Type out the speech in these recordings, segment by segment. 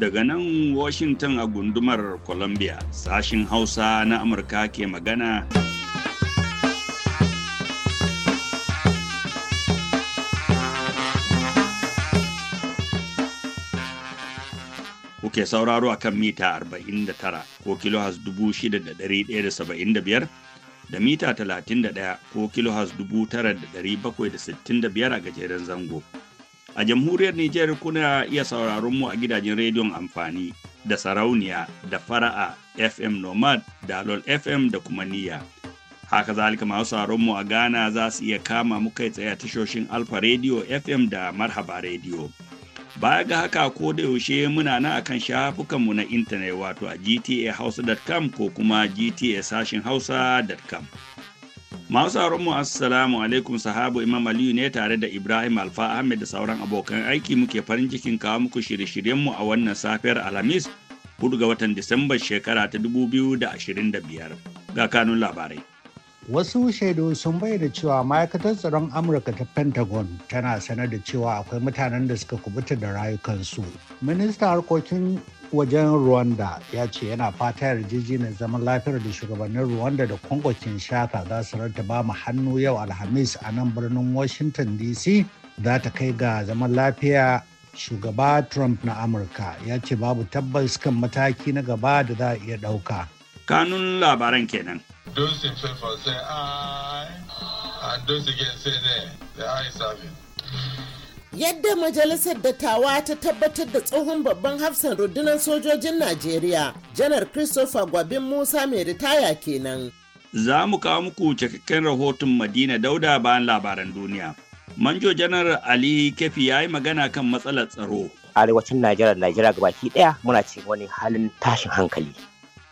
Daga nan Washington a gundumar Columbia, sashin Hausa na Amurka ke magana. kuke sauraro a kan mita 49 ko kilo 6,175 da mita 31 ko kilohas 9,765 a gajeren zango. A jamhuriyar Nijar kuna iya sauraron mu a gidajen rediyon amfani da sarauniya da fara'a FM Nomad da Alol FM da kuma niyya. Haka zalika masu sauraron mu a Ghana za su iya kama mu kai tsaye tashoshin Alfa Radio FM da Marhaba Radio. Baya ga haka ko da yaushe muna nan akan shafukanmu na intanet wato a gtahausa.com ko kuma gta Masu mu assalamu alaikum sahabu Imam Aliyu ne tare da Ibrahim Alfa Ahmed da sauran abokan aiki muke farin cikin kawo muku shirye-shiryenmu a wannan safiyar Alhamis 4 ga watan Disambar shekara ta 2025 ga kanun labarai. wasu shaidu sun bayyana cewa ma'aikatar tsaron amurka ta pentagon tana sanar da cewa akwai mutanen da suka kubuta da rayukansu minista harkokin wajen rwanda ya ce yana fata yarjejeniyar zaman lafiyar da shugabannin rwanda da congo kinshasa za su ba mu hannu yau alhamis a nan birnin washington dc za ta kai ga zaman lafiya shugaba trump na amurka ya ce babu tabbas kan mataki na gaba da za a iya ɗauka kanun labaran kenan. Yadda Majalisar Dattawa ta tabbatar da tsohon babban hafsan rundunar sojojin Najeriya, Janar Christopher Gwabin Musa mai ritaya kenan. Za mu kawo muku cikakken rahoton Madina Dauda bayan labaran duniya. Manjo Janar Ali Kefi ya yi magana kan matsalar tsaro. Arewacin Najeriya da Najeriya gabaki ɗaya muna cikin wani halin tashin hankali.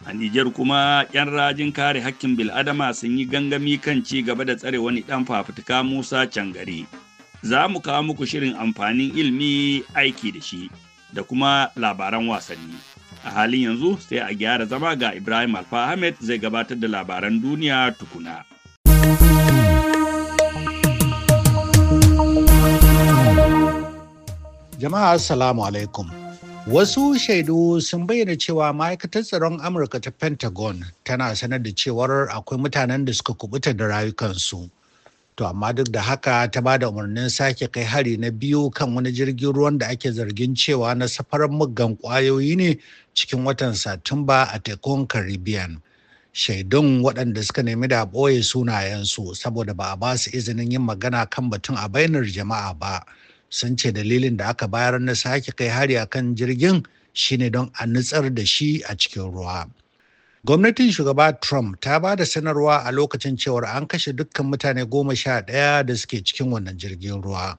A Nijar kuma 'yan rajin kare hakkin bil'adama sun yi gangami kan ci gaba da tsare wani ɗan fafutuka Musa Cangare. Za mu kawo muku shirin amfanin ilmi aiki da shi da kuma labaran wasanni. A halin yanzu sai a gyara zama ga Ibrahim Alfa Ahmed zai gabatar da labaran duniya tukuna. Jama'a Assalamu alaikum. Wasu shaidu sun bayyana cewa ma'aikatar tsaron Amurka ta Pentagon tana sanar da cewar akwai mutanen da suka kubuta da rayukansu. To amma duk da haka ta ba da umarnin sake kai hari na biyu kan wani jirgin ruwan da ake zargin cewa na safarar muggan kwayoyi ne cikin watan Satumba a tekun Caribbean. Shaidun waɗanda suka nemi da ɓoye sunayensu saboda ba a ba su izinin yin magana kan batun a bainar jama'a ba. sun ce dalilin da aka bayar na sake kai hari a kan jirgin shine don a nutsar da shi a cikin ruwa. Gwamnatin shugaba Trump ta ba da sanarwa a lokacin cewar an kashe dukkan mutane goma sha ɗaya da suke cikin wannan jirgin ruwa.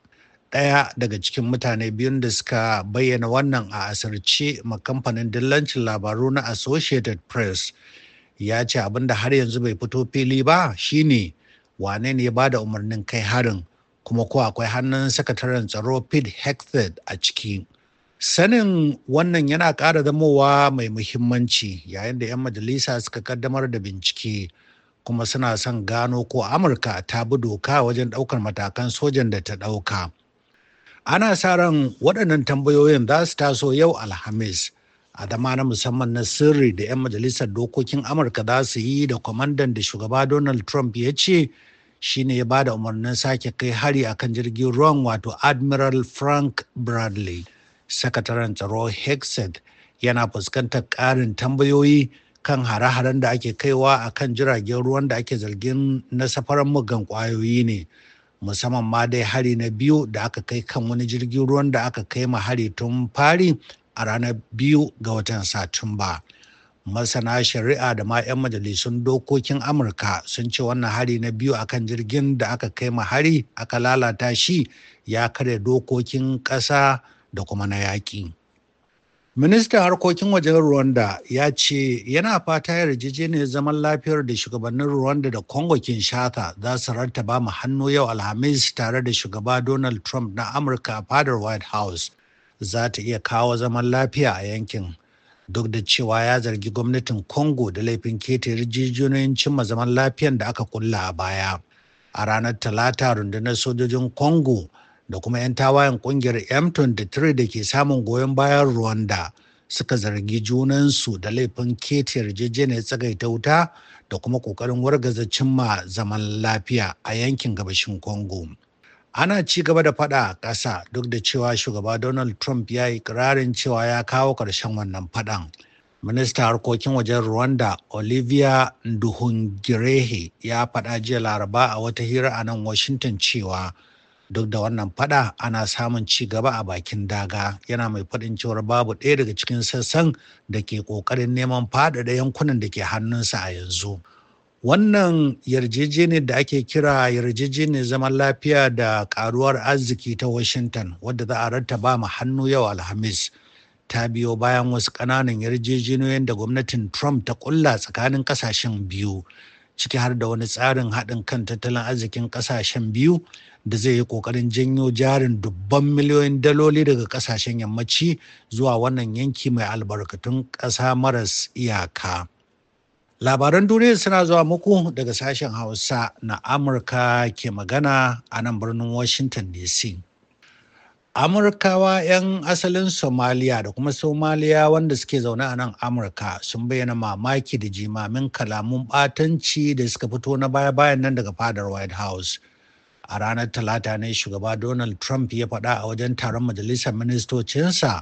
Ɗaya daga cikin mutane biyun da suka bayyana wannan a asirce ma kamfanin dillancin labaru na Associated Press ya ce abin da har yanzu bai fito fili ba shine wane ne ya ba da umarnin kai harin kuma ko akwai hannun sakataren tsaro pete hexted a ciki sanin wannan yana ƙara zamowa mai muhimmanci yayin da 'yan majalisa suka kaddamar da bincike kuma suna son gano ko amurka ta bi doka wajen ɗaukar matakan sojan da ta ɗauka ana sa ran waɗannan tambayoyin za su taso yau alhamis a zama na musamman na sirri da 'yan majalisar dokokin amurka za su yi da kwamandan da shugaba donald trump ya ce shine ya bada umarnin sake kai hari akan jirgin ruwan wato admiral frank bradley sakataren tsaro hexed yana fuskantar ƙarin tambayoyi kan hare-haren da ake kaiwa a kan jiragen ruwan da ake zargin na safaran mugan kwayoyi ne musamman ma dai hari na biyu da aka kai kan wani jirgin ruwan da aka kai ma hari tun fari a ranar biyu ga watan satumba masana shari'a da ma 'yan majalisun dokokin amurka sun ce wannan hari na biyu a kan jirgin da aka kai ma hari aka lalata shi ya karya dokokin ƙasa da kuma na yaƙi ministan harkokin wajen rwanda ya ce yana fata yarjejeniyar zaman lafiyar da shugabannin rwanda da congo kinshasa za su rartaba mu hannu yau alhamis tare da shugaba donald trump na amurka a fadar white house za ta iya kawo zaman lafiya a yankin duk da cewa ya zargi gwamnatin congo da laifin keta yarjejeniyoyin cimma zaman lafiyan da aka kulla a baya a ranar talata rundunar sojojin congo da kuma 'yan tawayen kungiyar m23 da ke samun goyon bayan rwanda suka zargi junansu da laifin keta yarjejeniyar tsagaita wuta da kuma kokarin wargaza cimma zaman lafiya a yankin gabashin congo ana ci gaba da fada a ƙasa duk da cewa shugaba donald trump ya yi ƙirarin cewa ya kawo ƙarshen wannan fadan ministan harkokin wajen rwanda olivia nduhungirehe ya faɗa jiya laraba a wata hira a nan washington cewa duk da wannan fada ana samun ci gaba a bakin daga yana mai faɗin cewar babu ɗaya daga cikin sassan da ke ƙoƙarin neman faɗaɗa yankunan da ke hannunsa a yanzu wannan yarjejeniyar da ake kira yarjejeniyar zaman lafiya da karuwar arziki ta washington wadda za a ba mu hannu yau alhamis ta biyo bayan wasu ƙananan yarjejeniyoyin da gwamnatin trump ta ƙulla tsakanin ƙasashen biyu ciki har da wani tsarin haɗin kan tattalin arzikin ƙasashen biyu da zai yi ƙoƙarin janyo jarin dubban miliyoyin daloli daga ƙasashen yammaci zuwa wannan yanki mai albarkatun ƙasa maras iyaka. Labaran duniya suna zuwa muku daga sashen Hausa na Amurka ke magana a nan birnin Washington DC. Amurkawa 'yan asalin Somaliya da kuma Somaliya wanda suke zaune a nan Amurka sun bayyana mamaki da jimamin kalamun ɓatanci da suka fito na baya-bayan nan daga fadar White House. A ranar Talata ne shugaba Donald Trump ya faɗa a wajen taron majalisar ministocinsa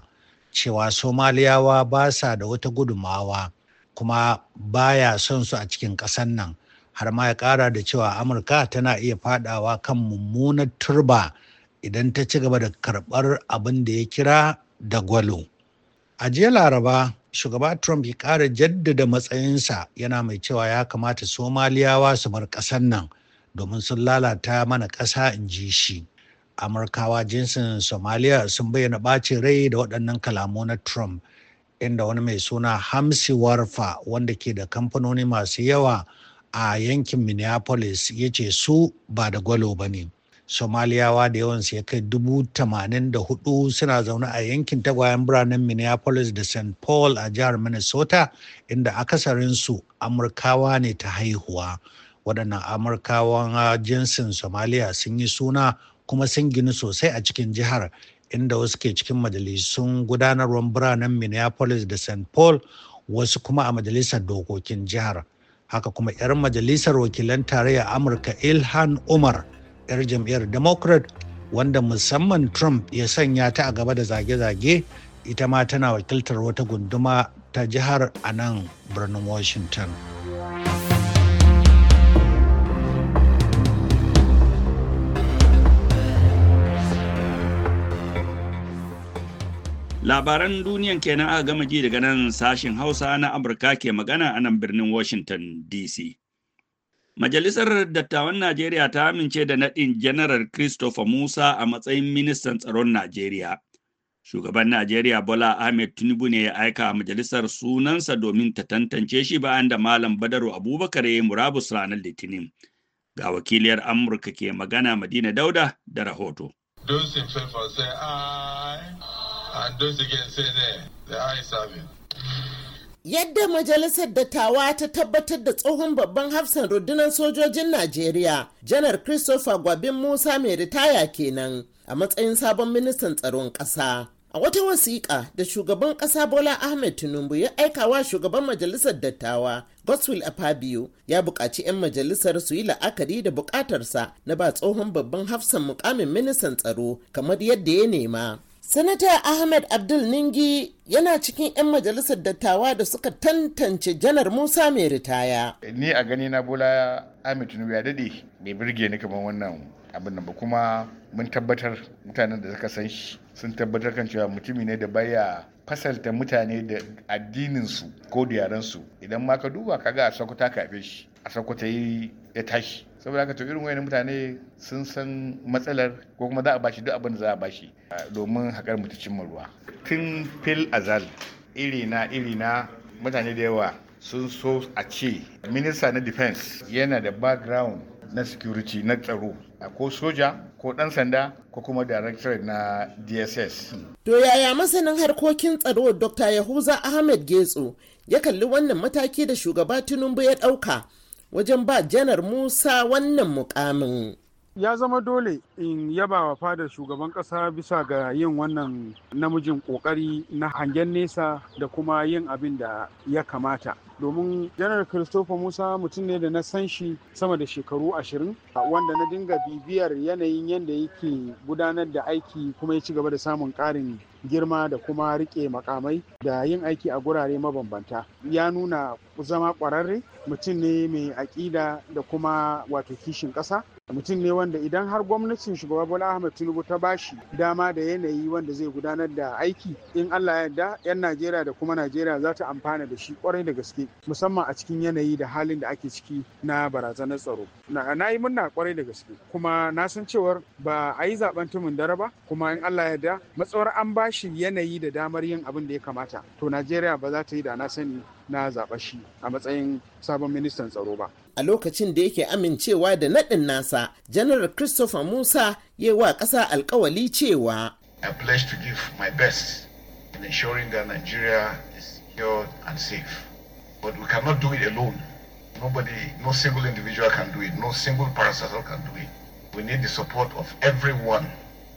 cewa Somaliyawa ba sa da wata gudummawa kuma baya son su a cikin ƙasar nan har ma ya ƙara da cewa amurka tana iya fadawa kan mummunar turba idan ta ci gaba da karɓar abin da ya kira da gwalo a jiya laraba shugaba trump ya ƙara jaddada matsayinsa yana mai cewa ya kamata somaliyawa su bar ƙasar nan domin sun lalata mana ƙasa in ji shi amurkawa jinsin somaliya sun bayyana ɓacin rai da waɗannan kalamu na trump inda wani mai suna hamsi warfa wanda ke da kamfanoni masu yawa a yankin minneapolis ya ce su ba da gwalo ba ne somaliyawa da yawansu ya kai dubu tamanin da hudu suna zaune a yankin tagwayen biranen minneapolis da st paul a jihar minnesota inda akasarinsu amurkawa ne ta haihuwa waɗannan amurkawan jinsin somaliya sun yi suna kuma sun gini sosai a cikin jihar inda wasu ke cikin majalisun gudanarwar biranen minneapolis da st paul wasu kuma a majalisar dokokin jihar haka kuma 'yar majalisar wakilan tarayya amurka ilhan umar 'yar jam'iyyar democrat wanda musamman trump ya sanya ta a gaba da zage-zage ita ma tana wakiltar wata gunduma ta jihar a nan birnin washington. Labaran duniyan kenan aka gama ji daga nan sashen Hausa na Amurka ke magana a nan birnin Washington DC. Majalisar Dattawan Najeriya ta amince da naɗin Janaral Christopher Musa a matsayin ministan tsaron Najeriya. Shugaban Najeriya Bola Ahmed Tinubu ne ya aika a majalisar sunansa domin ta tantance shi bayan da Malam Badaru Abubakar ya yi murabus ranar Litinin. Ga wakiliyar Amurka ke magana Madina Dauda da rahoto. Yadda Majalisar Dattawa ta tabbatar da tsohon babban hafsan rundunar sojojin Najeriya, Janar Christopher Gwabin Musa mai ritaya kenan a matsayin sabon ministan tsaron ƙasa. A wata wasiƙa da shugaban ƙasa Bola Ahmed Tinubu ya aika wa shugaban majalisar dattawa Godswill Afabio ya buƙaci 'yan majalisar su yi la'akari da buƙatarsa na ba tsohon babban hafsan mukamin ministan tsaro kamar yadda ya nema. sanata ahmed abdul ningi yana cikin 'yan majalisar dattawa da suka tantance janar musa mai ritaya ni a gani na bula ahmed tinubu ya dade mai birge ni kamar wannan abin ba kuma mun tabbatar mutanen da suka san shi sun tabbatar kan cewa mutumi ne da baya fasalta mutane da addininsu ko da yarensu idan ma ka duba kaga a sakuta ka shi a yi ya tashi saboda haka to irin wayannan mutane sun san matsalar ko kuma za a bashi duk abin da za a bashi domin haƙar cimma ruwa tun fil azal iri na iri na mutane da yawa sun so a ce minista na defense yana da background na security na tsaro a ko soja ko ɗan sanda ko kuma director na dss to yaya masanin harkokin tsaro dr yahuza ahmed getso ya kalli wannan mataki da shugaba tinubu ya ɗauka wajen ba janar musa wannan mukamin ya zama dole in yaba wa fadar shugaban kasa bisa ga yin wannan namijin kokari na hangen nesa da kuma yin abin da ya kamata domin janar christopher musa mutum ne da na san shi sama da shekaru ashirin wanda na dinga bibiyar yanayin yadda yake gudanar da aiki kuma ya ci gaba da samun ƙarin girma da kuma rike makamai da yin aiki a gurare mabambanta ya nuna zama kwararre mutum ne mai aƙida da kuma wato kishin ƙasa mutum ne wanda idan har gwamnatin shugaba bola ahmed tinubu ta bashi dama da yanayi wanda zai gudanar da aiki in allah ya yarda yan najeriya da kuma najeriya za ta amfana da shi kwarai da gaske musamman a cikin yanayi da halin da ake ciki na barazanar tsaro na yi murna kwarai da gaske kuma na san cewar ba a yi zaben tumin dare ba kuma in allah ya yarda matsawar an bashi yanayi da damar yin abin da ya kamata to najeriya ba za ta yi da na sani na zaɓa shi a matsayin sabon ministan tsaro ba. A lokacin da yake amincewa da naɗin nasa, Janar Christopher Musa ya wa ƙasa alkawali cewa. I pledge to give my best in ensuring that Nigeria is secure and safe. But we cannot do it alone. Nobody, no single individual can do it. No single parastatal can do it. We need the support of everyone,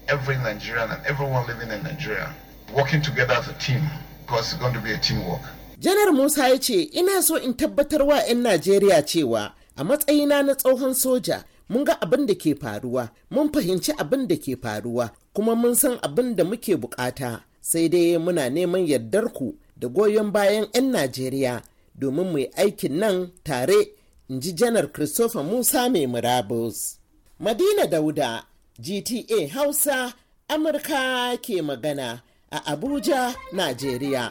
every Nigerian and everyone living in Nigeria, working together as a team because it's going to be a teamwork. janar musa ya ce ina so in tabbatar wa 'yan najeriya cewa a matsayina na tsohon soja mun ga abin da ke faruwa mun fahimci abin da ke faruwa kuma mun san abin da muke bukata sai dai muna neman yardar ku da goyon bayan 'yan najeriya domin mu yi aikin nan tare in ji janar christopher musa mai murabus madina dauda gta hausa amurka ke magana a abuja najeriya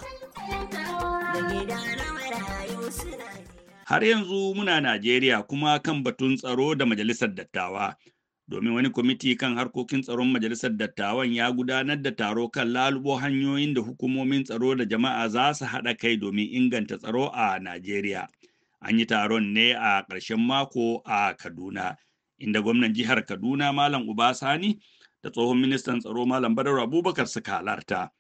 Har yanzu muna Najeriya kuma kan batun tsaro da Majalisar Dattawa. Domin wani kwamiti kan harkokin tsaron Majalisar Dattawan ya gudanar da taro kan lalubo hanyoyin da hukumomin tsaro da jama'a za su haɗa kai domin inganta tsaro a Najeriya. An yi taron ne a ƙarshen mako a Kaduna, inda gwamnan jihar Kaduna Malam Uba Sani da tsohon ministan tsaro Malam Badar Abubakar suka halarta.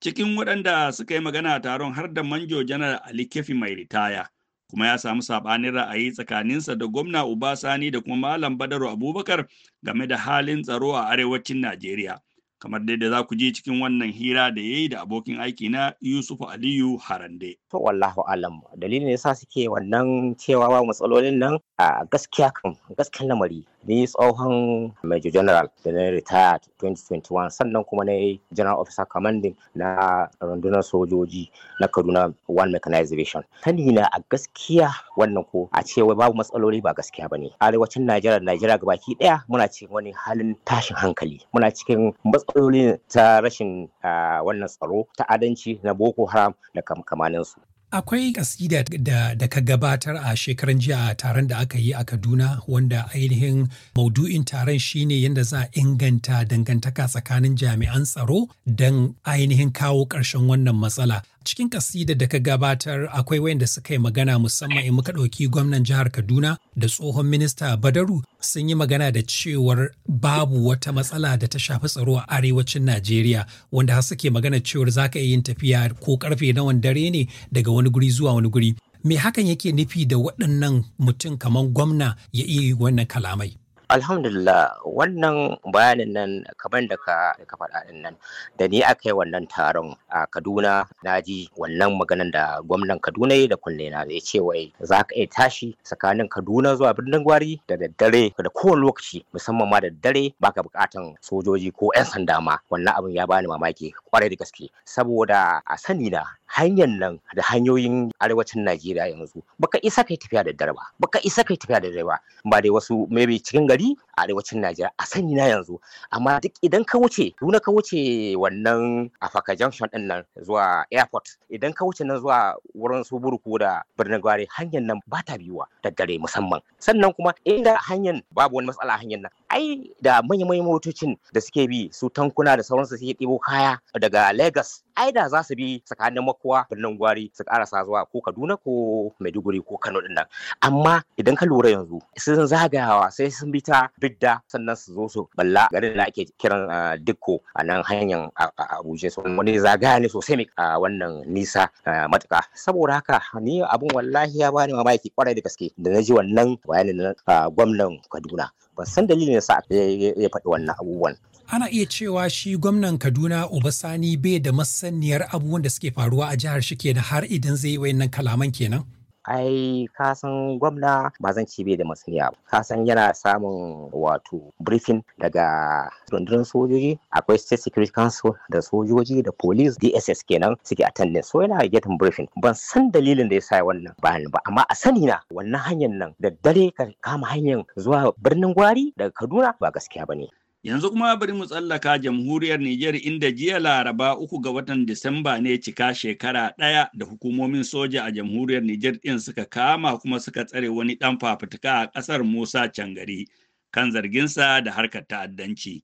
cikin waɗanda suka yi magana a taron har da manjo janar ali kefi mai ritaya kuma ya samu saɓanin ra'ayi tsakaninsa da gwamna Uba Sani da kuma malam badaru abubakar game da halin tsaro a arewacin najeriya kamar dai da za ku je cikin wannan hira da ya yi da abokin aiki na Yusuf Aliyu Harande. To wallahu alam dalilin yasa suke wannan cewa ba matsalolin nan a gaskiya kan gaskiyar lamari ni tsohon Major General da na retired 2021 sannan kuma na General Officer Commanding na rundunar sojoji na Kaduna One Mechanization. Sani na a gaskiya wannan ko a cewa babu matsaloli ba gaskiya ba ne. Arewacin Najeriya Najeriya gabaki daya muna cikin wani halin tashin hankali muna cikin matsaloli ta rashin wannan tsaro ta ta'adanci na boko haram da kamaninsu Akwai kasida da, da ka gabatar a shekaran jiya a taron da aka yi a Kaduna wanda ainihin maudu'in taron shine yadda za a inganta dangantaka tsakanin jami'an tsaro don ainihin kawo ƙarshen wannan matsala. Cikin kasida da ka gabatar akwai wayanda suka yi magana musamman in muka ɗauki gwamnan jihar Kaduna da tsohon minista Badaru sun yi magana da cewar babu wata matsala da ta shafi tsaro a arewacin Najeriya wanda har suke magana cewar za ka yin tafiya ko karfe nawan dare ne daga wani guri zuwa wani guri. Me hakan yake nufi da waɗannan mutum kamar gwamna ya iya wannan kalamai? Alhamdulillah wannan bayanin nan kamar da ka ka faɗa ɗin nan da ni aka yi wannan taron a Kaduna na ji wannan maganan da gwamnan Kaduna da kunne na ya ce wai za ka iya tashi tsakanin Kaduna zuwa birnin Gwari da daddare da kowane lokaci musamman ma da daddare baka bukatan sojoji ko 'yan sanda ma wannan abin ya bani mamaki kwarai da gaske saboda a sani na hanyar nan da hanyoyin arewacin Najeriya yanzu baka isa kai tafiya da daddare ba baka isa kai tafiya da daddare ba ba dai wasu maybe cikin gari Oui. a arewacin Najeriya a sani na yanzu amma duk idan ka wuce nuna ka wuce wannan Afaka Junction din nan zuwa airport idan ka wuce nan zuwa wurin su ko da birnin gwari hanyar nan ba ta biyuwa da dare musamman sannan kuma inda hanyar babu wani matsala a hanyar nan ai da manya-manyan motocin da suke bi su tankuna da sauransu suke ɗebo kaya daga Lagos ai da za su bi tsakanin makuwa birnin gwari su karasa zuwa ko Kaduna ko Maiduguri ko Kano din nan amma idan ka lura yanzu sun zagayawa sai sun bi ta fidda sannan su zo su balla garin da ake kiran dikko a nan hanyar abuja wani zagaya ne sosai a wannan nisa matuka saboda haka ni abun wallahi ya bani mamaki kwarai da gaske da na ji wannan bayanin na gwamnan kaduna ban san dalilin sa ya faɗi wannan abubuwan ana iya cewa shi gwamnan kaduna obasani bai da masaniyar abubuwan da suke faruwa a jihar shi kenan har idan zai yi wayannan kalaman kenan ai ka san gwamna ba zan ci da masaniya ba ka san yana samun wato briefing daga rundunar sojoji akwai state security council da sojoji da police dss kenan suke attending so yana getting briefing ban san dalilin da ya sa wannan bayan ba amma a sani na wannan hanyar nan da dare ka kama hanyar zuwa birnin gwari daga kaduna ba gaskiya ba ne Yanzu kuma bari mu tsallaka jamhuriyar Nijar inda jiya Laraba uku ga watan Disamba ne cika shekara ɗaya da hukumomin soja a jamhuriyar Nijar ɗin suka kama kuma suka tsare wani ɗan fafutuka a ƙasar Musa Cangari kan zarginsa da harkar ta'addanci.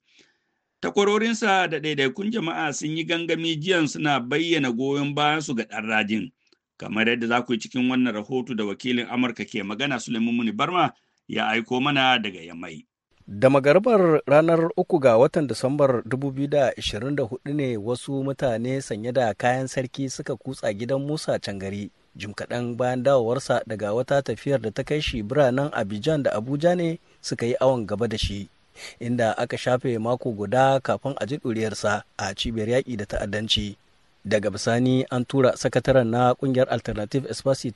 Takwarorinsa da ɗaiɗaikun jama'a sun yi gangami jiyan suna bayyana goyon bayansu ga ɗan rajin. Kamar yadda za ku yi cikin wannan rahoto da wakilin Amurka ke magana Suleiman Muni Barma ya aiko mana daga Yamai. Da magarbar ranar uku ga watan Disambar 2024 ne wasu mutane sanye da kayan sarki suka kutsa gidan Musa Cangari. Jim kaɗan bayan dawowarsa daga wata tafiyar da ta kai shi biranen Abidjan da Abuja ne suka yi awon gaba da shi, inda aka shafe mako guda kafin a ji ɗuriyarsa a cibiyar yaƙi da ta'addanci. daga bisani an tura sakataren na ƙungiyar alternative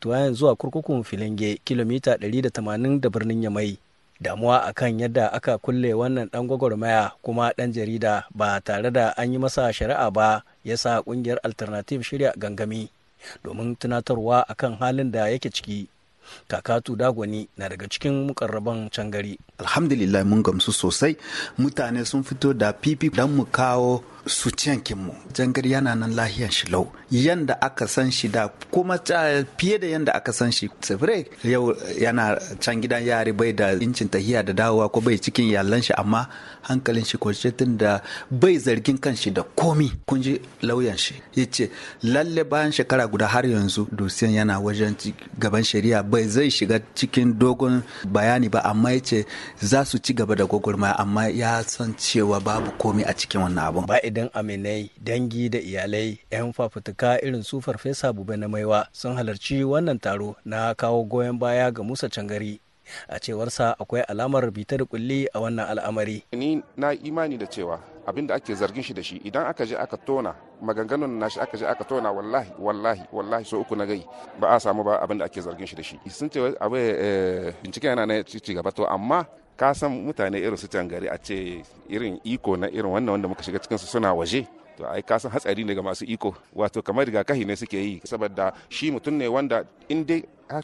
tuwayen zuwa kurkukun filinge kilomita 180 da birnin yamai damuwa akan yadda aka kulle wannan dan gwagwarmaya kuma dan jarida ba tare da an yi masa shari'a ba ya sa kungiyar alternative shirya gangami domin tunatarwa akan halin da yake ciki kakatu dagwani na daga cikin mukarraban can gari alhamdulillah mun gamsu sosai mutane sun fito da pipi don mu kawo su mu jangar yana nan lahiyan shi lau yanda aka san shi da kuma fiye da yanda aka san shi tsibire yau yana can gidan yari bai da incin tahiya da dawowa ko bai cikin yallan shi amma hankalin shi ko tun da bai zargin kan shi da komi kun ji lauyan shi ya ce lalle bayan shekara guda har yanzu dosiyan yana wajen gaban shari'a bai zai shiga cikin dogon bayani ba amma ya ce za su ci gaba da gwagwarmaya amma ya san cewa babu komi a cikin wannan abun ba idan aminai dangi da iyalai yan fafutuka irin su farfesa bube na maiwa sun halarci wannan taro na kawo goyon baya ga musa cangari a cewarsa akwai alamar bitar kulli a wannan al'amari ni na imani da cewa abin da ake zargin shi da shi idan aka je aka tona maganganun na shi aka je aka tona wallahi wallahi wallahi so uku na gai ba a samu ba abin da ake zargin shi da shi sun ce abin eh, bincike yana na ci gaba to amma ka san mutane irin su can gari a ce irin iko na irin wannan wanda muka shiga cikinsu suna waje to ai ka san hatsari ne ga masu iko wato kamar rigakafi ne suke yi saboda shi mutum ne wanda in dai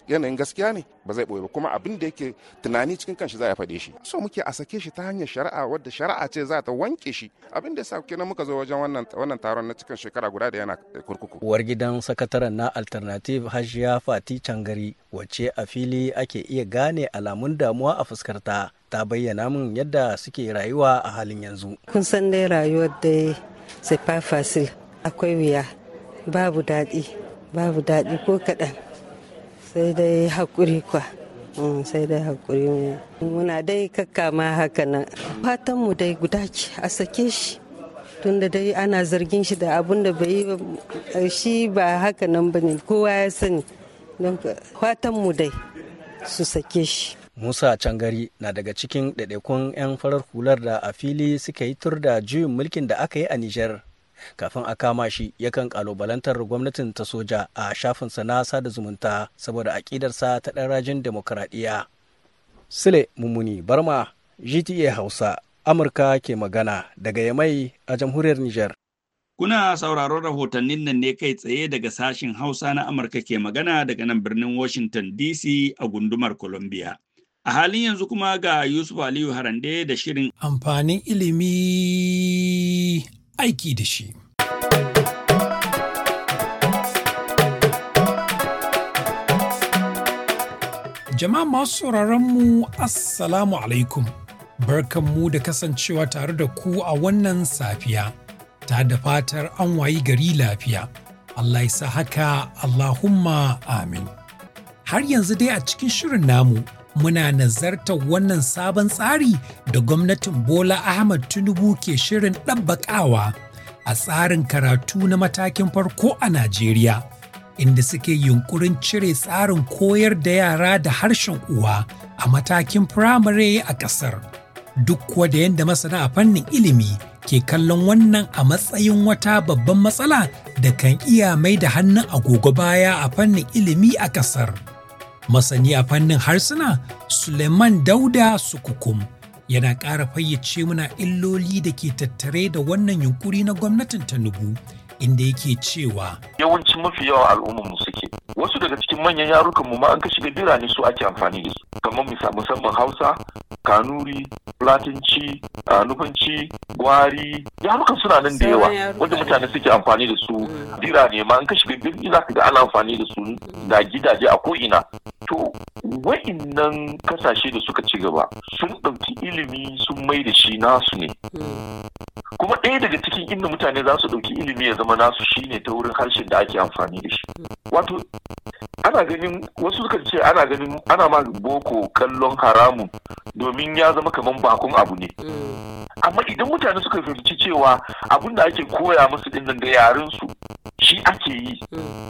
yanayin gaskiya ne ba zai ɓoye ba kuma abin da yake tunani cikin kanshi za ya faɗe shi so muke a sake shi ta hanyar shari'a wadda shari'a ce za ta wanke shi abin da yasa kenan muka zo wajen wannan wannan taron na cikin shekara guda da yana kurkuku uwar gidan sakataren na alternative hajiya fati changari wacce a fili ake iya gane alamun damuwa a fuskarta ta bayyana min yadda suke rayuwa a halin yanzu kun san dai rayuwar dai c'est pas akwai wuya babu daɗi babu daɗi ko kaɗan sai dai haƙuri kwa mm, sai dai haƙuri muna dai kakkama haka nan fatanmu dai guda ce a sake shi tunda dai ana zargin shi da abun da bai shi ba haka nan ne kowa ya sani don fatan mu dai su sake shi Musa Cangari na daga cikin ɗaiɗaikun 'yan farar hular da a fili suka yi tur da juyin mulkin da aka yi a Nijar. Kafin a kama shi yakan kalobalantar gwamnatin ta soja a shafinsa na sada zumunta saboda aƙidarsa ta ɗan rajin demokuraɗiyya. Sule Mummuni Barma, GTA Hausa, Amurka ke magana daga Yamai a jamhuriyar Nijar. Kuna sauraron rahotannin nan ne kai tsaye daga sashin Hausa na Amurka ke magana daga nan birnin Washington DC a gundumar Columbia. A halin yanzu kuma ga Yusuf Aliyu Harande da shirin amfanin ilimi aiki da shi. Jama'a masu mu Assalamu alaikum, mu da kasancewa tare da ku a wannan safiya, ta da fatar an wayi gari lafiya. Allah ya sa haka Allahumma amin. Har yanzu dai a cikin shirin namu. muna nazartar wannan sabon tsari da gwamnatin Bola Ahmad Tinubu ke shirin ɗabbaƙawa a tsarin karatu na matakin farko a Najeriya, inda suke yunkurin cire tsarin koyar da yara da harshen uwa a matakin firamare a ƙasar. Duk kuwa da yadda masana a fannin ilimi ke kallon wannan a matsayin wata babban matsala da kan iya mai da hannun agogo baya a fannin ilimi a ƙasar. Masani a fannin harsuna Suleiman Dauda Sukukum yana ƙara fayyace muna illoli da ke tattare da wannan yunkuri na gwamnatin Tinubu inda yake cewa yawanci mafi yawa al'ummar mu suke wasu daga cikin manyan yarukan mu ma an ka shiga birane su ake amfani da su kamar musamman Hausa Kanuri Latinci Nufanci Gwari yarukan suna nan da yawa wanda mutane suke amfani da su mm. birane ma an ka shiga za ga ana amfani da su da gidaje a ko'ina to wa'innan kasashe da suka ci gaba sun ɗauki ilimi sun mai da shi nasu ne mm. kuma daga cikin inda mutane za su ɗauki ilimi ya zama nasu shine ta wurin harshen da ake amfani da shi wato ana ganin wasu suka ce ana ganin ana ma boko kallon haramun domin ya zama kamar bakon abu ne amma idan mutane suka fahimci cewa abin da ake koya musu din ga yaren su shi ake yi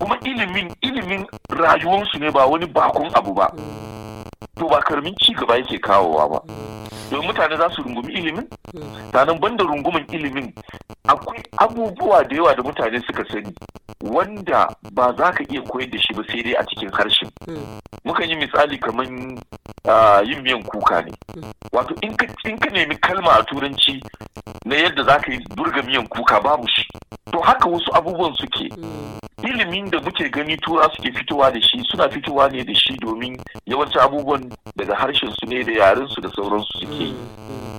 kuma ilimin ilimin rayuwarsu ne ba wani bakon abu ba to ba karmin ci gaba yake kawowa ba don mutane za su rungumi ilimin hmm. sanan banda rungumin ilimin akwai abubuwa da yawa da mutane suka sani wanda ba za ka iya koyar da shi ba sai dai a cikin harshen hmm. mukan yi misali kamar Ah, yin miyan kuka ne wato in ka nemi kalma a turanci na yadda za ka yi durga miyan kuka babu shi to haka wasu abubuwan suke ilimin da muke gani tura suke fitowa da shi suna fitowa ne da shi domin yawancin abubuwan daga harshen su ne da yaren su da sauransu suke yi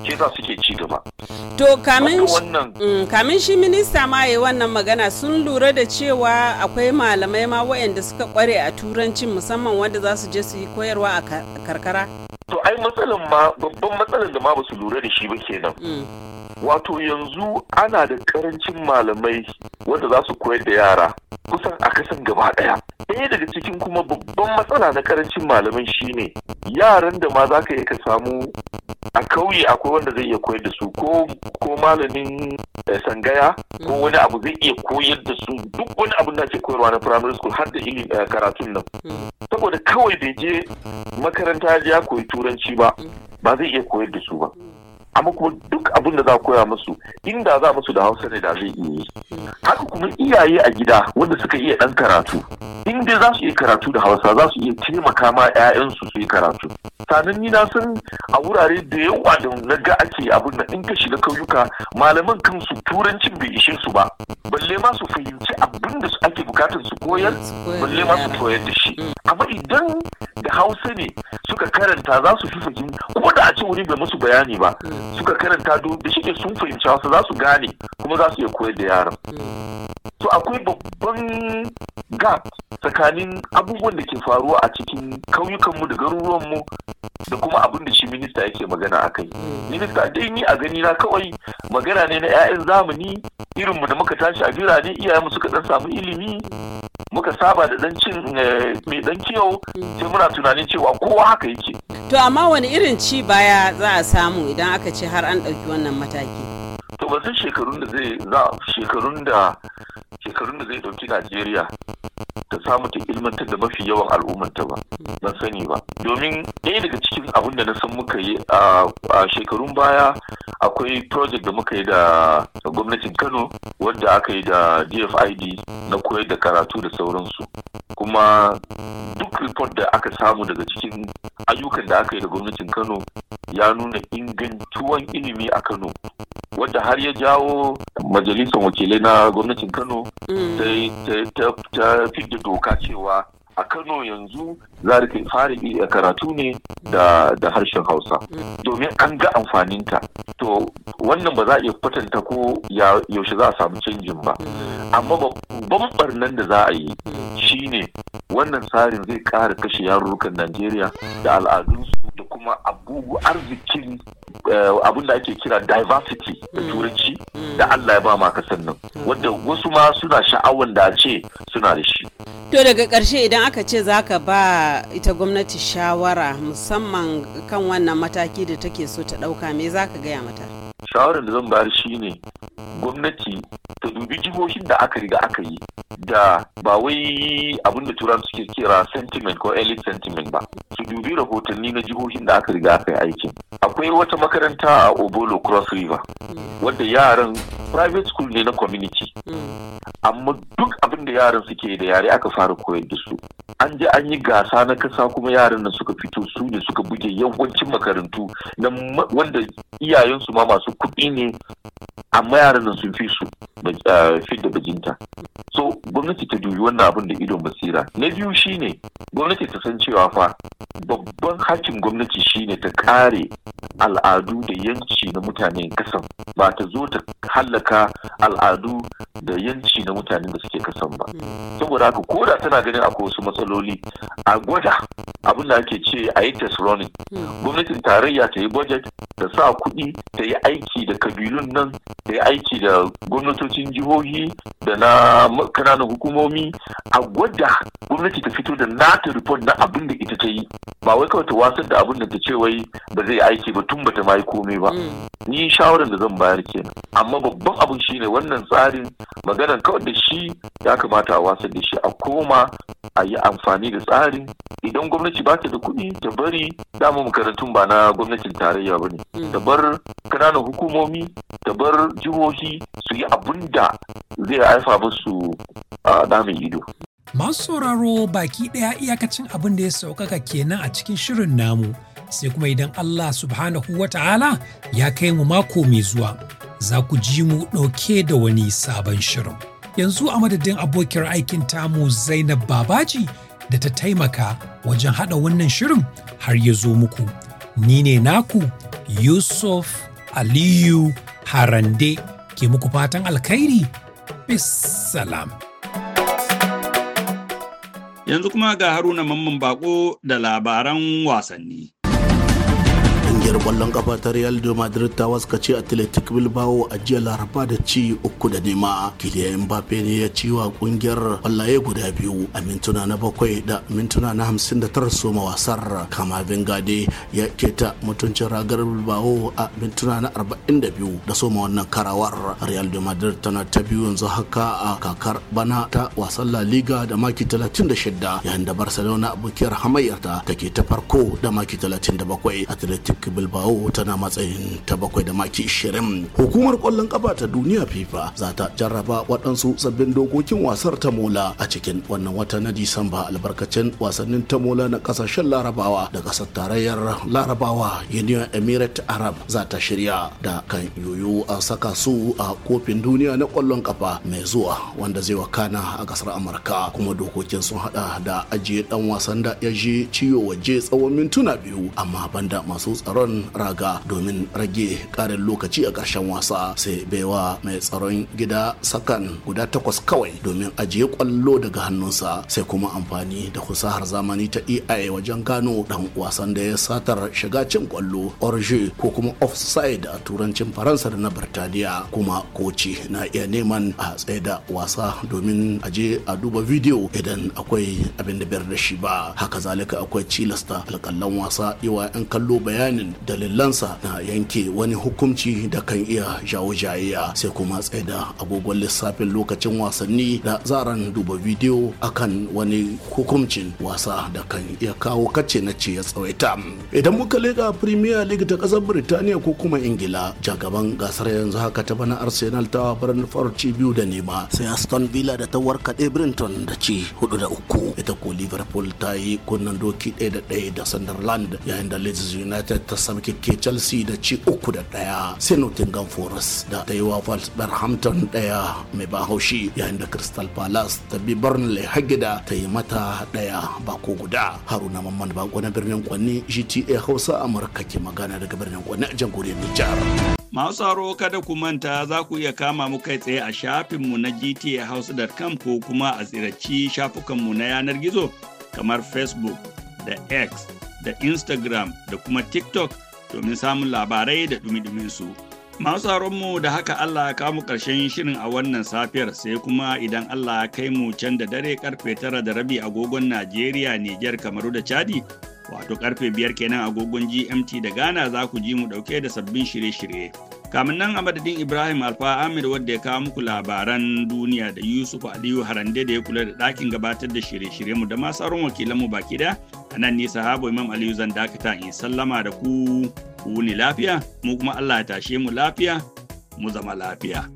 ke za suke ci gaba to kamin mm, shi minista ma ya wannan magana sun lura da cewa akwai malamai ma waɗanda suka kware a turancin musamman wanda za su je su yi koyarwa a karkara Гитлера to ai matsalan ma babban matsalan da ma ba su lura da shi ba kenan mm. wato yanzu ana da karancin malamai wanda za su koyar da yara kusan a kasan gaba ɗaya ɗaya daga cikin kuma babban matsala na karancin malamai shine yaran da ma za ka ka samu a kauye akwai wanda zai iya koyar da su ko ko malamin eh, sangaya ko mm. wani abu zai iya koyar da su duk wani abu da ke koyarwa na primary school har da ilimin eh, karatun nan mm. saboda kawai bai je makaranta ya koyi turanci ba ba zai iya koyar da su ba amma kuma duk abin da za a koya musu inda za musu da hausa ne da zai iya yi, haka kuma iyaye a gida wanda suka iya ɗan karatu in dai za su yi karatu da hausa za su iya taimaka ma 'ya'yansu su yi karatu sanin ni na san a wurare da yawa da na ga ake abin da in ka shiga kauyuka malaman kansu turancin bai ishe su ba balle ma su fahimci abin da ake bukatar su koyar balle ma su koyar da shi mm. amma idan da hausa ne suka karanta za su fi fahimci ko da a ce wuri bai musu bayani ba mm. suka karanta da shi ne sun fahimci hausa za su gane kuma za su iya koyar da yaran mm. to akwai babban gap tsakanin abubuwan da ke faruwa a cikin kauyukanmu da garuruwanmu da kuma abin da shi minista yake magana a kai mm. minista dai ni a gani na kawai magana ne na 'ya'yan zamani irinmu da muka tashi a birane mu suka dan samu ilimi muka saba da dan cin eh, mai dan kiyau mm. sai muna tunanin cewa kowa haka yake to amma wani irin ci baya za a samu idan aka ce har an ɗauki wannan mataki to ba shekarun da zai za shekarun da shekarun da zai dauki najeriya ta samu ta ilmantar da mafi yawan al'ummanta ba ban sani ba domin ɗaya daga cikin abin da na san muka yi a shekarun baya akwai project da muka yi da gwamnatin kano wadda aka yi da dfid na koyar da karatu da sauransu kuma duk report da aka samu daga cikin ayyukan da aka yi da gwamnatin kano ya nuna ingantuwan ilimi a kano wadda har ya jawo majalisar wakilai na gwamnatin kano Mm. ta fidda doka cewa a kano yanzu za ka fara karatu ne da harshen hausa mm. domin an ga amfaninta to wannan ba za a iya kwatanta ko yaushe za a samu canjin ba mm. amma babbar ɓarnan da za a yi shine wannan tsarin zai ƙara kashe yarurrukan najeriya da al'adunsu kuma abu arzikin eh, abin ake kira diversity da mm. turanci mm. da Allah ya ba ma kasar nan wanda wasu ma suna sha'awar da ce suna da shi to daga ƙarshe idan aka ce za ka ba ita gwamnati shawara musamman kan wannan mataki da take so ta ɗauka me za ka gaya mata shawarar da zan bayar ne gwamnati ta dubi jihohin da aka riga aka yi da ba wai abin da turan suke kira sentiment ko elite sentiment ba su dubi rahotanni na jihohin da aka riga aka yi aikin akwai wata makaranta a obolo cross river wadda yaran private school ne na community amma duk abin da yaran suke da yare aka fara koyar da su an je an yi gasa na kasa kuma yaran nan suka fito su ne suka buge yawancin makarantu na wanda iyayensu ma masu kuɗi ne amma yaran nan sun fi su eh, fi da bajinta so gwamnati ta dubi wannan abin da ido basira na biyu shine gwamnati ta san cewa fa babban hakkin gwamnati shine ta kare al'adu da yanci na mutanen kasan ba ta zo ta hallaka al'adu da yanci na mutane da suke kasan ba saboda haka ko da tana ganin akwai wasu matsaloli a gwada abin da ake ce a yi test running gwamnatin tarayya ta yi budget ta sa kuɗi ta yi aiki aiki da kabilun nan da aiki da gwamnatocin jihohi da na kananan hukumomi a gwada gwamnati ta fito da nata report na abin da ita ta yi ba wai kawai ta wasar da abin da ta ce wai ba zai aiki ba tun bata ma yi komai ba mm. ni shawarar da zan bayar ke amma babban abin shine wannan tsarin maganar kawai da shi ya kamata a wasar da shi a koma a yi amfani da tsarin idan gwamnati ba ta da kuɗi ta bari dama makarantun ba na gwamnatin tarayya ba ne mm. ta bar kananan hukumomi ta bar jihohi su yi abin da zai haifa musu damin ido. Masu sauraro baki ɗaya iyakacin abin da ya saukaka kenan a cikin shirin namu sai kuma idan Allah subhanahu wa ta'ala ya kai mu mako mai zuwa za ku ji mu ɗauke da wani sabon shirin. Yanzu a madadin abokiyar aikin tamu Zainab Babaji da ta taimaka wajen haɗa wannan shirin har ya zo muku. Ni ne naku Yusuf Aliyu Harande ke muku fatan alkhairi. Bissalam. Yanzu kuma ga Haruna Mamman Bako da labaran wasanni. kungiyar ƙwallon ƙafa ta Real de Madrid ta waskace Athletic Bilbao a jiya Laraba da ci uku da nema. kiliya Mbappe ne ya ci wa ƙungiyar ƙwallaye guda biyu a mintuna na bakwai da mintuna na hamsin da tara soma wasar. Kama Vingade ya keta mutuncin ragar Bilbao a mintuna na arba'in da biyu da soma wannan karawar. Real de Madrid tana ta biyu yanzu haka a kakar bana ta wasan La Liga da maki talatin da shidda yayin da Barcelona abokiyar hamayyarta take ta farko da maki talatin da bakwai. Athletic bilbao tana matsayin ta bakwai da maki 20 hukumar kwallon kafa ta duniya fifa za ta jarraba waɗansu sabbin dokokin wasar ta mola a cikin wannan wata na disamba albarkacin wasannin ta mola na kasashen larabawa da ƙasar tarayyar larabawa union emirate arab za ta shirya da kan yoyo a saka su a kofin duniya na kwallon kafa mai zuwa wanda zai wakana a kasar amurka kuma dokokin sun hada da ajiye dan wasan da ya je ciwo waje tsawon mintuna biyu amma banda masu tsaron tsaron raga domin rage karin lokaci a ƙarshen wasa sai baiwa mai tsaron gida sakan guda takwas kawai domin ajiye kwallo daga hannunsa sai kuma amfani da fusahar zamani ta EI wajen gano dan wasan da ya satar shiga cin kwallo orje ko kuma offside a turancin faransa da na birtaniya kuma koci na iya neman a tsaye da wasa domin aje a duba bidiyo idan akwai abin da bayar da shi ba haka zalika akwai cilasta alƙallan wasa yawa yan kallo bayanin dalilansa na yanke wani hukunci da kan iya jawo jayayya sai kuma tsaida agogon lissafin lokacin wasanni da zaran duba bidiyo akan wani hukuncin wasa da kan iya kawo kace na ce ya tsawaita idan muka lega premier league ta kasar birtaniya ko kuma ingila jagaban gasar yanzu haka ta bana arsenal ta brentford ci biyu da nema sai aston villa da ta warkaɗe brinton da ci hudu da uku ita ko liverpool ta yi kunnan doki ɗaya da ɗaya da sunderland yayin da leeds united ta sami keke chelsea da ci uku da daya sai nottingham forest da ta yi wa wolverhampton ɗaya mai ba haushi yayin da crystal palace ta bi burnley hagida ta yi mata daya ba ko guda haruna mamman bako na birnin kwanni gta hausa amurka ke magana daga birnin kwanni a jamhuriyar nijar Masu tsaro kada ku manta za ku iya kama mu kai tsaye a shafinmu na gtahouse.com ko kuma a shafukan shafukanmu na yanar gizo kamar Facebook da X da Instagram da kuma TikTok domin samun labarai da dumi su. Masu mu da haka Allah ya kamu ƙarshen shirin a wannan safiyar sai kuma idan Allah ya kai mu can da dare karfe tara da rabi agogon Najeriya, Nijar, Kamaru da Chadi, wato karfe biyar kenan agogon GMT da Ghana za ku ji mu ɗauke da sabbin shirye-shirye. Kamin nan a madadin Ibrahim Alfa amir wadda ya kawo muku labaran duniya da Yusuf Aliyu Harande da ya kula da ɗakin gabatar da shirye-shirye mu da ma sauran wakilan mu baki da a nan ne sahabo Imam Aliyu zan dakata in sallama da ku ku ni lafiya mu kuma Allah ya tashe mu lafiya mu zama lafiya.